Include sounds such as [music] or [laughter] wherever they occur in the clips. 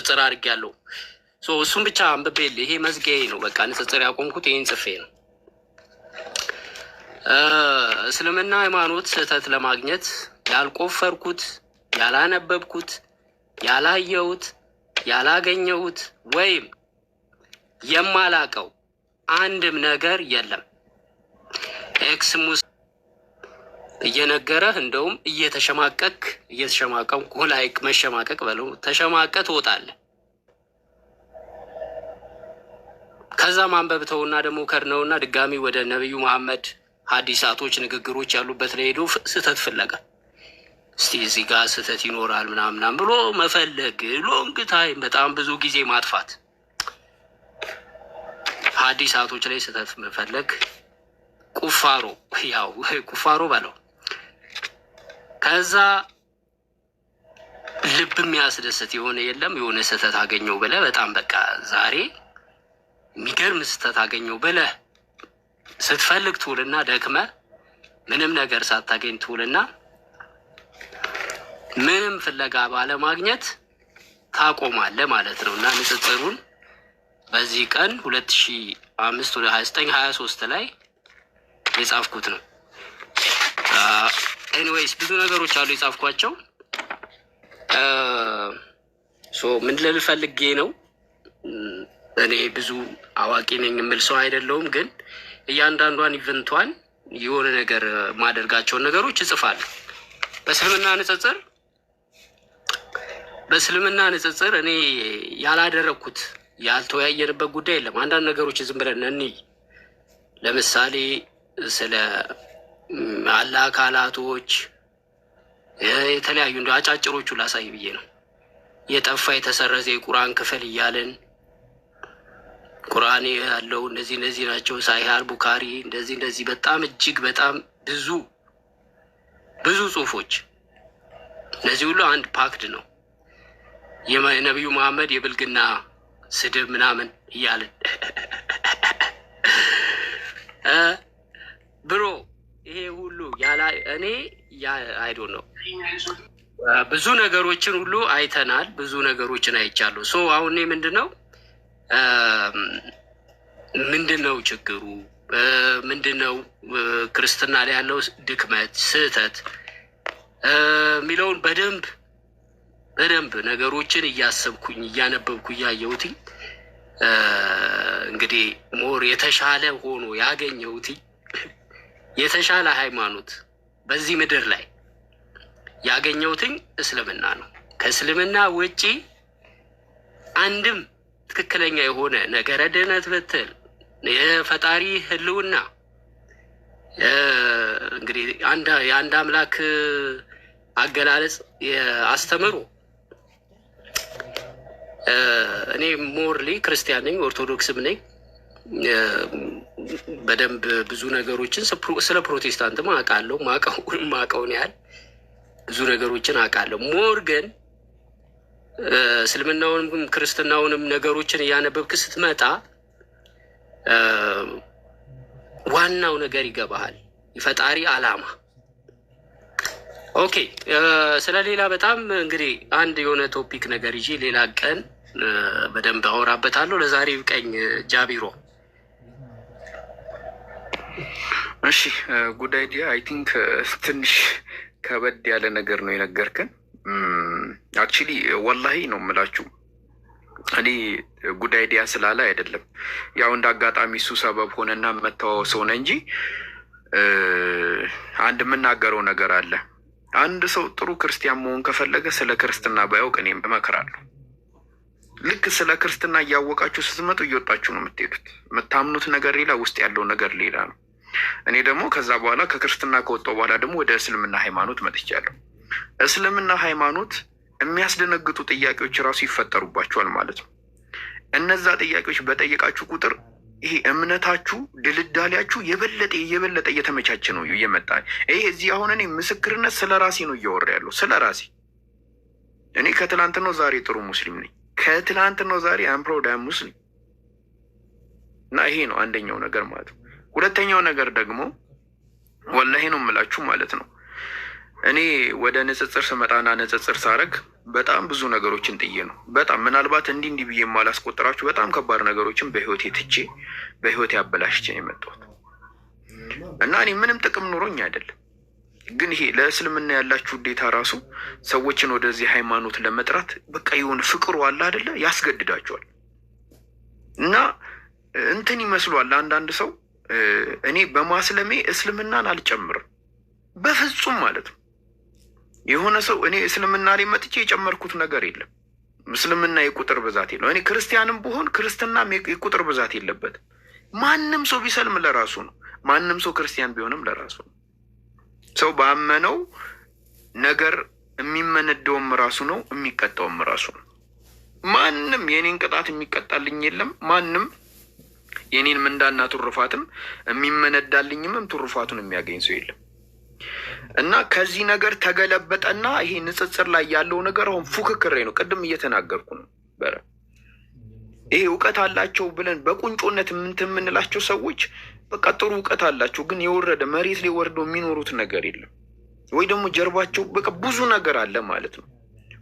ንጽጽር አድርጌያለሁ። እሱም ብቻ አንብቤል ይሄ መዝጊያዬ ነው። በቃ ንጽጽር ያቆምኩት ይህን ጽፌ ነው። እስልምና ሃይማኖት ስህተት ለማግኘት ያልቆፈርኩት፣ ያላነበብኩት፣ ያላየሁት፣ ያላገኘሁት ወይም የማላቀው አንድም ነገር የለም። ኤክስ እየነገረህ እንደውም እየተሸማቀክ እየተሸማቀም ላይክ መሸማቀቅ በለ ተሸማቀ ትወጣለ። ከዛ ማንበብ ተውና ደግሞ ከድነውና ድጋሚ ወደ ነቢዩ መሐመድ ሀዲሳቶች ንግግሮች ያሉበት ላይ ሄዶ ስህተት ፍለጋ እስቲ እዚህ ጋር ስህተት ይኖራል ምናምናም ብሎ መፈለግ ሎንግ ታይም በጣም ብዙ ጊዜ ማጥፋት ሀዲሳቶች ላይ ስህተት መፈለግ ቁፋሮ ያው ቁፋሮ በለው ከዛ ልብ የሚያስደስት የሆነ የለም። የሆነ ስህተት አገኘው ብለህ በጣም በቃ ዛሬ የሚገርም ስህተት አገኘው ብለህ ስትፈልግ ትውልና ደክመ ምንም ነገር ሳታገኝ ትውልና ምንም ፍለጋ ባለማግኘት ታቆማለህ ማለት ነው እና ንጽጽሩን በዚህ ቀን ሁለት ሺ አምስት ወደ ሀያ ዘጠኝ ሀያ ሶስት ላይ የጻፍኩት ነው። ኤኒዌይስ ብዙ ነገሮች አሉ የጻፍኳቸው። ሶ ምን ልል ፈልጌ ነው፣ እኔ ብዙ አዋቂ ነኝ የምል ሰው አይደለውም፣ ግን እያንዳንዷን ኢቨንቷን የሆነ ነገር ማደርጋቸውን ነገሮች እጽፋለሁ። በእስልምና ንጽጽር በእስልምና ንጽጽር እኔ ያላደረግኩት ያልተወያየንበት ጉዳይ የለም። አንዳንድ ነገሮች ዝም ብለን እንይ። ለምሳሌ ስለ አለ አካላቶች የተለያዩ እንደ አጫጭሮቹ ላሳይ ብዬ ነው። የጠፋ የተሰረዘ የቁርአን ክፍል እያለን ቁርአን ያለው እነዚህ እነዚህ ናቸው። ሳይሃር ቡካሪ፣ እንደዚህ እንደዚህ በጣም እጅግ በጣም ብዙ ብዙ ጽሁፎች እነዚህ ሁሉ አንድ ፓክድ ነው። የነቢዩ መሐመድ የብልግና ስድብ ምናምን እያለን። [laughs] ብሮ ይሄ ሁሉ ያላ እኔ አይዶ ነው። ብዙ ነገሮችን ሁሉ አይተናል። ብዙ ነገሮችን አይቻሉ ሶ አሁን እኔ ምንድን ነው ምንድን ነው ችግሩ ምንድን ነው ክርስትና ላይ ያለው ድክመት፣ ስህተት የሚለውን በደንብ በደንብ ነገሮችን እያሰብኩኝ እያነበብኩ እያየሁትኝ እንግዲህ ሞር የተሻለ ሆኖ ያገኘሁትኝ የተሻለ ሃይማኖት በዚህ ምድር ላይ ያገኘሁትኝ እስልምና ነው። ከእስልምና ውጪ አንድም ትክክለኛ የሆነ ነገረ ድህነት ብትል የፈጣሪ ህልውና እንግዲህ የአንድ አምላክ አገላለጽ አስተምሮ እኔ ሞርሊ ክርስቲያን ነኝ፣ ኦርቶዶክስም ነኝ። በደንብ ብዙ ነገሮችን ስለ ፕሮቴስታንትም አውቃለሁ [laughs] ማቀውን ያህል ብዙ ነገሮችን አውቃለሁ። ሞር ግን እስልምናውንም ክርስትናውንም ነገሮችን እያነበብክ ስትመጣ ዋናው ነገር ይገባሃል፣ የፈጣሪ አላማ። ኦኬ፣ ስለ ሌላ በጣም እንግዲህ አንድ የሆነ ቶፒክ ነገር ይዤ ሌላ ቀን በደንብ አወራበታለሁ። ለዛሬ ይብቀኝ ጃቢሮ። እሺ ጉድ አይዲያ አይ ቲንክ ትንሽ ከበድ ያለ ነገር ነው የነገርክን። አክቹሊ ወላሂ ነው የምላችሁ እኔ ጉድ አይዲያ ስላለ አይደለም፣ ያው እንደ አጋጣሚ እሱ ሰበብ ሆነና መተዋወሰው ነው እንጂ አንድ የምናገረው ነገር አለ። አንድ ሰው ጥሩ ክርስቲያን መሆን ከፈለገ ስለ ክርስትና ባያውቅ እኔም እመክራለሁ። ልክ ስለ ክርስትና እያወቃችሁ ስትመጡ እየወጣችሁ ነው የምትሄዱት። የምታምኑት ነገር ሌላ፣ ውስጥ ያለው ነገር ሌላ ነው። እኔ ደግሞ ከዛ በኋላ ከክርስትና ከወጣው በኋላ ደግሞ ወደ እስልምና ሃይማኖት መጥቻለሁ። እስልምና ሃይማኖት የሚያስደነግጡ ጥያቄዎች ራሱ ይፈጠሩባቸዋል ማለት ነው። እነዛ ጥያቄዎች በጠየቃችሁ ቁጥር ይሄ እምነታችሁ ድልዳሌያችሁ የበለጠ የበለጠ እየተመቻቸ ነው እየመጣ ይሄ እዚህ አሁን እኔ ምስክርነት ስለ ራሴ ነው እያወራ ያለው ስለ ራሴ እኔ ከትላንት ነው ዛሬ ጥሩ ሙስሊም ነኝ ከትላንት ነው ዛሬ አምፕሮዳሙስ ነኝ እና ይሄ ነው አንደኛው ነገር ማለት ነው። ሁለተኛው ነገር ደግሞ ወላሂ ነው የምላችሁ ማለት ነው። እኔ ወደ ንጽጽር ስመጣና ንጽጽር ሳረግ በጣም ብዙ ነገሮችን ጥዬ ነው በጣም ምናልባት እንዲህ እንዲህ ብዬ የማላስቆጠራችሁ በጣም ከባድ ነገሮችን በህይወቴ ትቼ በህይወቴ አበላሽቼ ነው የመጣሁት እና እኔ ምንም ጥቅም ኑሮኝ አይደለም ግን ይሄ ለእስልምና ያላችሁ ውዴታ ራሱ ሰዎችን ወደዚህ ሃይማኖት ለመጥራት በቃ የሆነ ፍቅሩ አለ አደለ ያስገድዳቸዋል። እና እንትን ይመስሏል አንዳንድ ሰው እኔ በማስለሜ እስልምናን አልጨምርም በፍጹም ማለት ነው። የሆነ ሰው እኔ እስልምና ላይ መጥቼ የጨመርኩት ነገር የለም። እስልምና የቁጥር ብዛት የለው። እኔ ክርስቲያንም ብሆን ክርስትናም የቁጥር ብዛት የለበትም። ማንም ሰው ቢሰልም ለራሱ ነው። ማንም ሰው ክርስቲያን ቢሆንም ለራሱ ነው። ሰው ባመነው ነገር የሚመነደውም ራሱ ነው የሚቀጣውም ራሱ ነው። ማንም የእኔን ቅጣት የሚቀጣልኝ የለም። ማንም የኔን ምንዳና ቱርፋትም የሚመነዳልኝምም ቱርፋቱን የሚያገኝ ሰው የለም። እና ከዚህ ነገር ተገለበጠና ይሄ ንጽጽር ላይ ያለው ነገር አሁን ፉክክሬ ነው። ቅድም እየተናገርኩ ነው። ይሄ እውቀት አላቸው ብለን በቁንጮነት የምንላቸው ሰዎች በቃ ጥሩ እውቀት አላቸው፣ ግን የወረደ መሬት ላይ ወርደው የሚኖሩት ነገር የለም ወይ ደግሞ ጀርባቸው በቃ ብዙ ነገር አለ ማለት ነው።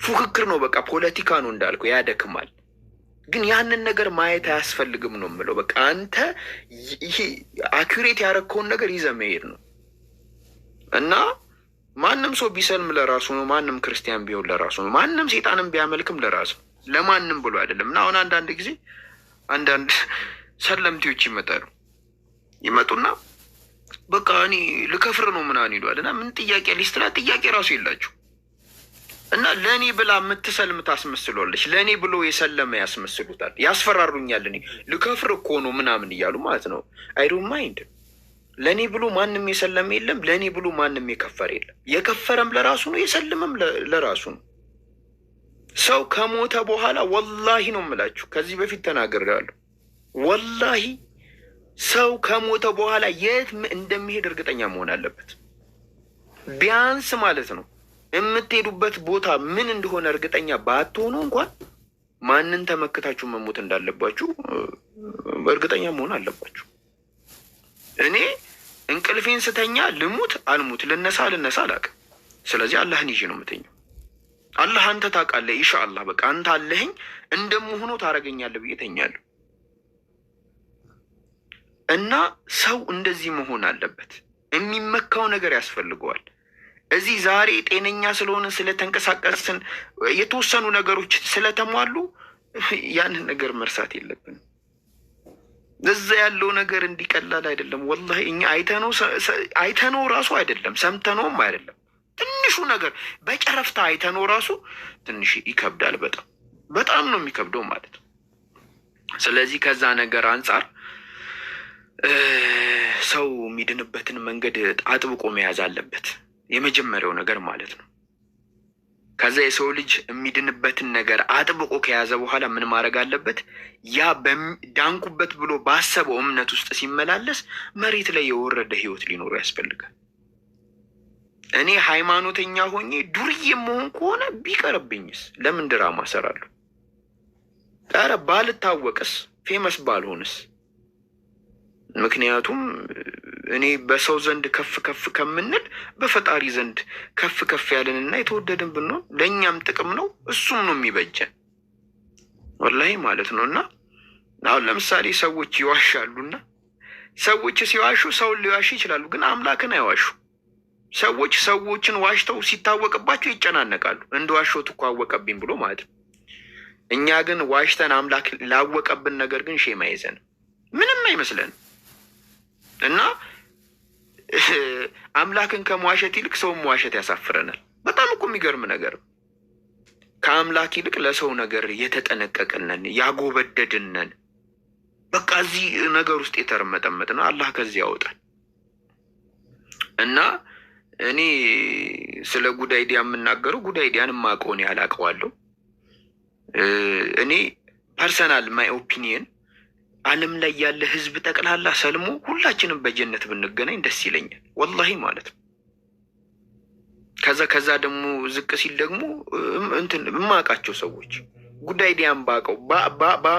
ፉክክር ነው፣ በቃ ፖለቲካ ነው እንዳልከው ያደክማል። ግን ያንን ነገር ማየት አያስፈልግም ነው የምለው። በቃ አንተ ይሄ አኪሬት ያረግከውን ነገር ይዘ መሄድ ነው እና ማንም ሰው ቢሰልም ለራሱ ነው። ማንም ክርስቲያን ቢሆን ለራሱ ነው። ማንም ሴጣንም ቢያመልክም ለራሱ ለማንም ብሎ አይደለም። እና አሁን አንዳንድ ጊዜ አንዳንድ ሰለምቴዎች ይመጣሉ። ይመጡና በቃ እኔ ልከፍር ነው ምናምን ይሏል እና ምን ጥያቄ ሊስትላ ጥያቄ ራሱ የላችሁ እና ለእኔ ብላ የምትሰልም ታስመስሏለች። ለእኔ ብሎ የሰለመ ያስመስሉታል፣ ያስፈራሩኛል። እኔ ልከፍር እኮ ነው ምናምን እያሉ ማለት ነው። አይዶን ማይንድ ለእኔ ብሎ ማንም የሰለመ የለም፣ ለእኔ ብሎ ማንም የከፈረ የለም። የከፈረም ለራሱ ነው፣ የሰለመም ለራሱ ነው። ሰው ከሞተ በኋላ ወላሂ ነው የምላችሁ፣ ከዚህ በፊት ተናግሬያለሁ። ወላሂ ሰው ከሞተ በኋላ የት እንደሚሄድ እርግጠኛ መሆን አለበት። ቢያንስ ማለት ነው የምትሄዱበት ቦታ ምን እንደሆነ እርግጠኛ ባትሆኑ እንኳን ማንን ተመክታችሁ መሞት እንዳለባችሁ እርግጠኛ መሆን አለባችሁ። እኔ እንቅልፌን ስተኛ ልሙት አልሙት ልነሳ ልነሳ አላውቅም። ስለዚህ አላህን ይዤ ነው የምተኛው። አላህ አንተ ታውቃለህ፣ ኢንሻአላህ በቃ አንተ አለህኝ እንደምሆኖ ታደርገኛለህ ብዬ ተኛለሁ። እና ሰው እንደዚህ መሆን አለበት። የሚመካው ነገር ያስፈልገዋል። እዚህ ዛሬ ጤነኛ ስለሆነ ስለተንቀሳቀስን፣ የተወሰኑ ነገሮች ስለተሟሉ ያንን ነገር መርሳት የለብንም። እዛ ያለው ነገር እንዲቀላል አይደለም። ወላሂ እኛ አይተነው ራሱ አይደለም ሰምተነውም አይደለም። ትንሹ ነገር በጨረፍታ አይተነው ራሱ ትንሽ ይከብዳል። በጣም በጣም ነው የሚከብደው ማለት ነው። ስለዚህ ከዛ ነገር አንጻር ሰው የሚድንበትን መንገድ አጥብቆ መያዝ አለበት። የመጀመሪያው ነገር ማለት ነው። ከዛ የሰው ልጅ የሚድንበትን ነገር አጥብቆ ከያዘ በኋላ ምን ማድረግ አለበት? ያ ዳንኩበት ብሎ ባሰበው እምነት ውስጥ ሲመላለስ መሬት ላይ የወረደ ህይወት ሊኖሩ ያስፈልጋል። እኔ ሃይማኖተኛ ሆኜ ዱርዬ መሆን ከሆነ ቢቀርብኝስ? ለምን ድራማ ሰራለሁ? ኧረ ባልታወቅስ? ፌመስ ባልሆንስ? ምክንያቱም እኔ በሰው ዘንድ ከፍ ከፍ ከምንል በፈጣሪ ዘንድ ከፍ ከፍ ያለንና የተወደድን ብንሆን ለእኛም ጥቅም ነው፣ እሱም ነው የሚበጀን ወላሂ ማለት ነው። እና አሁን ለምሳሌ ሰዎች ይዋሻሉና ሰዎች ሲዋሹ ሰውን ሊዋሽ ይችላሉ፣ ግን አምላክን አይዋሹ። ሰዎች ሰዎችን ዋሽተው ሲታወቅባቸው ይጨናነቃሉ። እንደ ዋሾት እኮ አወቀብኝ ብሎ ማለት ነው። እኛ ግን ዋሽተን አምላክ ላወቀብን ነገር ግን ሼማ ይዘን ምንም አይመስለንም። እና [laughs] አምላክን ከመዋሸት ይልቅ ሰውን መዋሸት ያሳፍረናል። በጣም እኮ የሚገርም ነገር ከአምላክ ይልቅ ለሰው ነገር የተጠነቀቅነን ያጎበደድነን በቃ እዚህ ነገር ውስጥ የተርመጠመጥ ነው። አላህ ከዚህ ያወጣል። እና እኔ ስለ ጉዳይ ዲያ የምናገረው ጉዳይ አይዲያን ማቀውን ያህል አውቀዋለሁ። እኔ ፐርሰናል ማይ ኦፒኒየን ዓለም ላይ ያለ ህዝብ ጠቅላላ ሰልሞ ሁላችንም በጀነት ብንገናኝ ደስ ይለኛል፣ ወላሂ ማለት ነው። ከዛ ከዛ ደግሞ ዝቅ ሲል ደግሞ እንትን የማውቃቸው ሰዎች ጉዳይ ዲያን ባቀው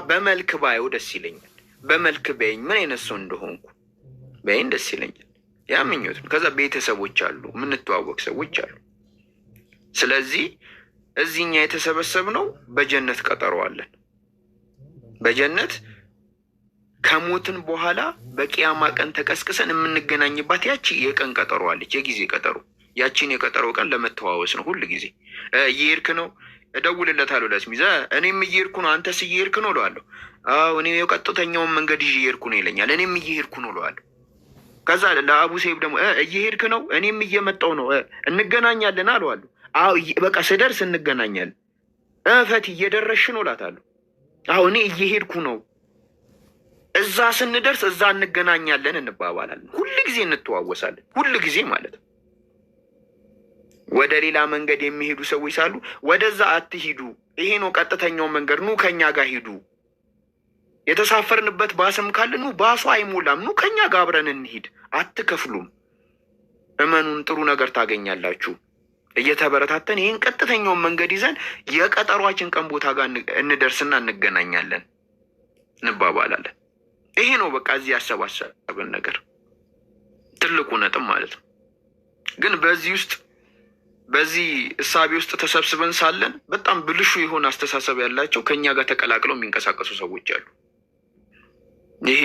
በመልክ ባየው ደስ ይለኛል። በመልክ በይኝ ምን አይነት ሰው እንደሆንኩ በይኝ ደስ ይለኛል። ያ ምኞት ነው። ከዛ ቤተሰቦች አሉ፣ የምንተዋወቅ ሰዎች አሉ። ስለዚህ እዚህኛ የተሰበሰብ ነው በጀነት ቀጠሮ አለን በጀነት ከሞትን በኋላ በቅያማ ቀን ተቀስቅሰን የምንገናኝባት ያቺ የቀን ቀጠሮ አለች፣ የጊዜ ቀጠሮ። ያቺን የቀጠሮ ቀን ለመተዋወስ ነው። ሁል ጊዜ እየሄድክ ነው እደውልለታለሁ ለስሚዘ እኔም እየሄድኩ ነው፣ አንተስ እየሄድክ ነው እለዋለሁ። አዎ እኔ የቀጥተኛውን መንገድ ይዤ እየሄድኩ ነው ይለኛል። እኔም እየሄድኩ ነው እለዋለሁ። ከዛ ለአቡ ሰይብ ደግሞ እየሄድክ ነው፣ እኔም እየመጣው ነው፣ እንገናኛለን አለዋለሁ። አዎ በቃ ስደርስ እንገናኛለን። እፈት እየደረሽ ነው እላታለሁ። አዎ እኔ እየሄድኩ ነው እዛ ስንደርስ እዛ እንገናኛለን እንባባላለን። ሁል ጊዜ እንተዋወሳለን። ሁል ጊዜ ማለት ነው። ወደ ሌላ መንገድ የሚሄዱ ሰዎች ሳሉ ወደዛ አትሂዱ፣ ይሄ ነው ቀጥተኛው መንገድ፣ ኑ ከኛ ጋር ሂዱ። የተሳፈርንበት ባስም ካለ ኑ፣ ባሱ አይሞላም፣ ኑ ከኛ ጋር አብረን እንሂድ፣ አትከፍሉም፣ እመኑን፣ ጥሩ ነገር ታገኛላችሁ። እየተበረታተን ይህን ቀጥተኛውን መንገድ ይዘን የቀጠሯችን ቀን ቦታ ጋር እንደርስና እንገናኛለን እንባባላለን። ይሄ ነው በቃ እዚህ ያሰባሰበን ነገር ትልቁ ነጥብ ማለት ነው። ግን በዚህ ውስጥ በዚህ እሳቤ ውስጥ ተሰብስበን ሳለን በጣም ብልሹ የሆነ አስተሳሰብ ያላቸው ከእኛ ጋር ተቀላቅለው የሚንቀሳቀሱ ሰዎች አሉ። ይሄ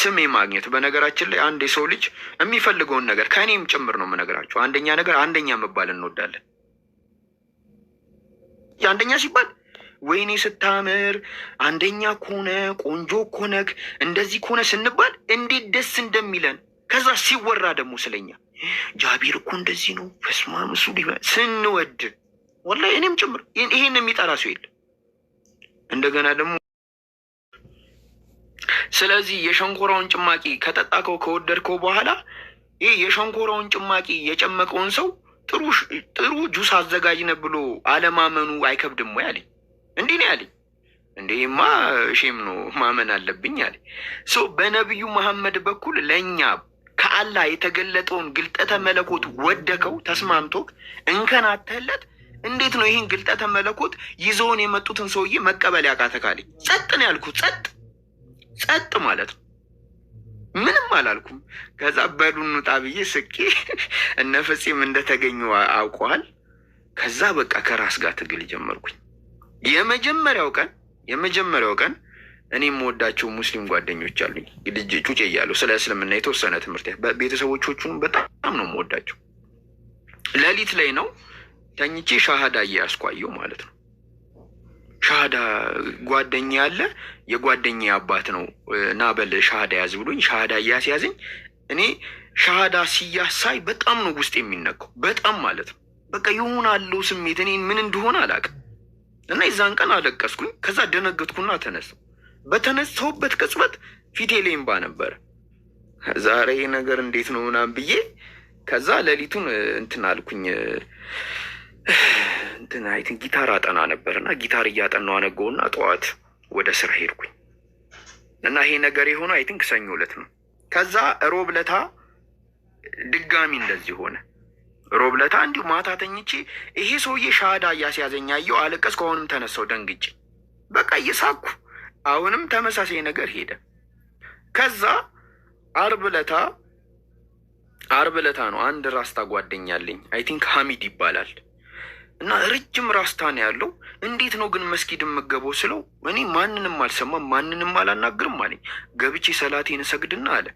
ስም ማግኘት በነገራችን ላይ አንድ የሰው ልጅ የሚፈልገውን ነገር ከእኔም ጭምር ነው የምነግራቸው። አንደኛ ነገር አንደኛ መባል እንወዳለን። አንደኛ ሲባል ወይኔ ስታምር፣ አንደኛ ከሆነ ቆንጆ ኮነክ እንደዚህ ከሆነ ስንባል እንዴት ደስ እንደሚለን ከዛ ሲወራ ደግሞ ስለኛ ጃቢር እኮ እንደዚህ ነው በስማ ስንወድ ወላሂ እኔም ጭምር ይሄን የሚጠላ ሰው የለ። እንደገና ደግሞ ስለዚህ የሸንኮራውን ጭማቂ ከጠጣከው ከወደድከው በኋላ ይህ የሸንኮራውን ጭማቂ የጨመቀውን ሰው ጥሩ ጁስ አዘጋጅነ ብሎ አለማመኑ አይከብድም ወይ አለኝ። እንዲህ ነው ያለኝ። እንዴማ ሼም ነው ማመን አለብኝ አለ። ሶ በነቢዩ መሐመድ በኩል ለእኛ ከአላህ የተገለጠውን ግልጠተ መለኮት ወደከው ተስማምቶ እንከን እንዴት ነው ይህን ግልጠተ መለኮት ይዘውን የመጡትን ሰውዬ መቀበል ያቃተህ ጸጥ ነው ያልኩት። ጸጥ ጸጥ ማለት ነው። ምንም አላልኩም። ከዛ በዱኑ ጣብዬ ስቄ እነፍጺም እንደተገኙ አውቀዋል። ከዛ በቃ ከራስ ጋር ትግል ጀመርኩኝ። የመጀመሪያው ቀን የመጀመሪያው ቀን እኔ የምወዳቸው ሙስሊም ጓደኞች አሉኝ። ልጅ ጩጭ እያሉ ስለ እስልምና የተወሰነ ትምህርት ቤተሰቦቹንም በጣም ነው የምወዳቸው። ሌሊት ላይ ነው ተኝቼ ሻሃዳ እያስኳየው ማለት ነው። ሻሃዳ ጓደኛ ያለ የጓደኛ አባት ነው እና በል ሻሃዳ ያዝ ብሎኝ ሻሃዳ እያስያዘኝ እኔ ሻሃዳ ሲያሳይ በጣም ነው ውስጥ የሚነካው። በጣም ማለት ነው በቃ የሆነ አለው ስሜት እኔ ምን እንደሆነ አላውቅም። እና የዛን ቀን አለቀስኩኝ። ከዛ ደነገጥኩና ተነሳ በተነሳሁበት ቅጽበት ፊቴ ላይ እምባ ነበር። ዛሬ ነገር እንዴት ነው ምናምን ብዬ ከዛ ሌሊቱን እንትን አልኩኝ እንትን ጊታር አጠና ነበር እና ጊታር እያጠና አነገውና ጠዋት ወደ ስራ ሄድኩኝ እና ይሄ ነገር የሆነ አይትን ክሰኞ ዕለት ነው። ከዛ ሮብ ዕለት ድጋሚ እንደዚህ ሆነ። ሮብለታ እንዲሁ ማታ ተኝቼ ይሄ ሰውዬ ሻዳ እያስያዘኝ አየሁ። አለቀስ አሁንም ተነሳው ደንግጬ፣ በቃ እየሳኩ አሁንም ተመሳሳይ ነገር ሄደ። ከዛ አርብ ለታ አርብ ለታ ነው አንድ ራስታ ጓደኛለኝ አይ ቲንክ ሀሚድ ይባላል እና ረጅም ራስታ ነው ያለው። እንዴት ነው ግን መስጊድ የምገበው ስለው እኔ ማንንም አልሰማም ማንንም አላናግርም አለኝ። ገብቼ ሰላቴን እሰግድና አለ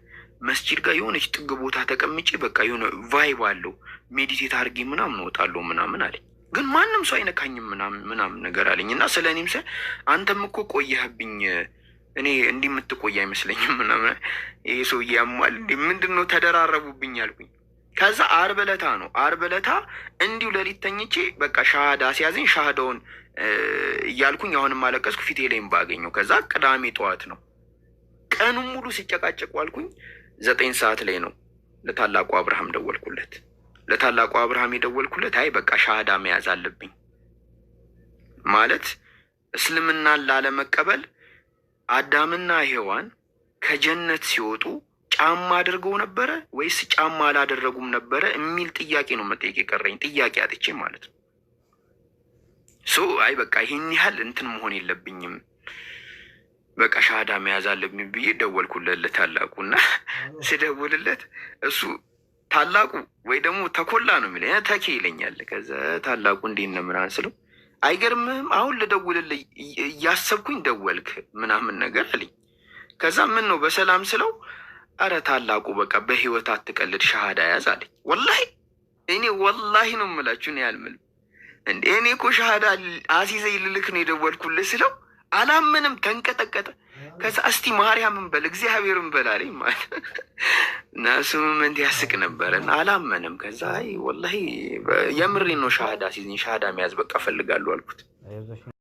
መስጂድ ጋር የሆነች ጥግ ቦታ ተቀምጬ በቃ የሆነ ቫይብ አለው ሜዲቴት አድርጌ ምናምን እወጣለሁ ምናምን አለኝ። ግን ማንም ሰው አይነካኝም ምናምን ነገር አለኝ እና ስለ እኔም ስል አንተም እኮ ቆየህብኝ፣ እኔ እንዲህ የምትቆይ አይመስለኝም ምናምን ይሄ ሰውዬ ያሟል ምንድን ነው ተደራረቡብኝ አልኩኝ። ከዛ አርብ ዕለታ ነው አርብ እንዲሁ ሌሊት ተኝቼ በቃ ሻሃዳ ሲያዘኝ ሻሃዳውን እያልኩኝ አሁንም አለቀስኩ ፊቴ ላይም ባገኘው። ከዛ ቅዳሜ ጠዋት ነው ቀኑን ሙሉ ሲጨቃጨቁ አልኩኝ ዘጠኝ ሰዓት ላይ ነው ለታላቁ አብርሃም ደወልኩለት። ለታላቁ አብርሃም የደወልኩለት አይ በቃ ሻሃዳ መያዝ አለብኝ ማለት እስልምናን ላለመቀበል አዳምና ሔዋን ከጀነት ሲወጡ ጫማ አድርገው ነበረ ወይስ ጫማ አላደረጉም ነበረ የሚል ጥያቄ ነው መጠየቅ የቀረኝ፣ ጥያቄ አጥቼ ማለት ነው። ሶ አይ በቃ ይህን ያህል እንትን መሆን የለብኝም በቃ ሻሃዳ መያዝ አለብኝ ብዬ ደወልኩለት ለታላቁ እና ስደውልለት እሱ ታላቁ ወይ ደግሞ ተኮላ ነው የሚለኝ ተኪ ይለኛል። ከዛ ታላቁ እንዴት ነው ምናምን ስለው አይገርምህም አሁን ልደውልልህ እያሰብኩኝ ደወልክ ምናምን ነገር አለኝ። ከዛ ምን ነው በሰላም ስለው አረ ታላቁ በቃ በህይወት አትቀልድ ሻሃዳ ያዝ አለኝ። ወላሂ እኔ ወላሂ ነው የምላችሁ እኔ አልምልም። እንደ እኔ እኮ ሻሃዳ አሲዘ ይልልክ ነው የደወልኩልህ ስለው አላምንም ተንቀጠቀጠ። ከዛ እስቲ ማርያምን በል እግዚአብሔርን በል አለኝ ማለት እና ስምምነት ያስቅ ነበረ። አላመንም። ከዛ ወላሂ የምሬ ነው ሻሃዳ ሲዝኝ ሻሃዳ መያዝ በቃ ፈልጋሉ አልኩት።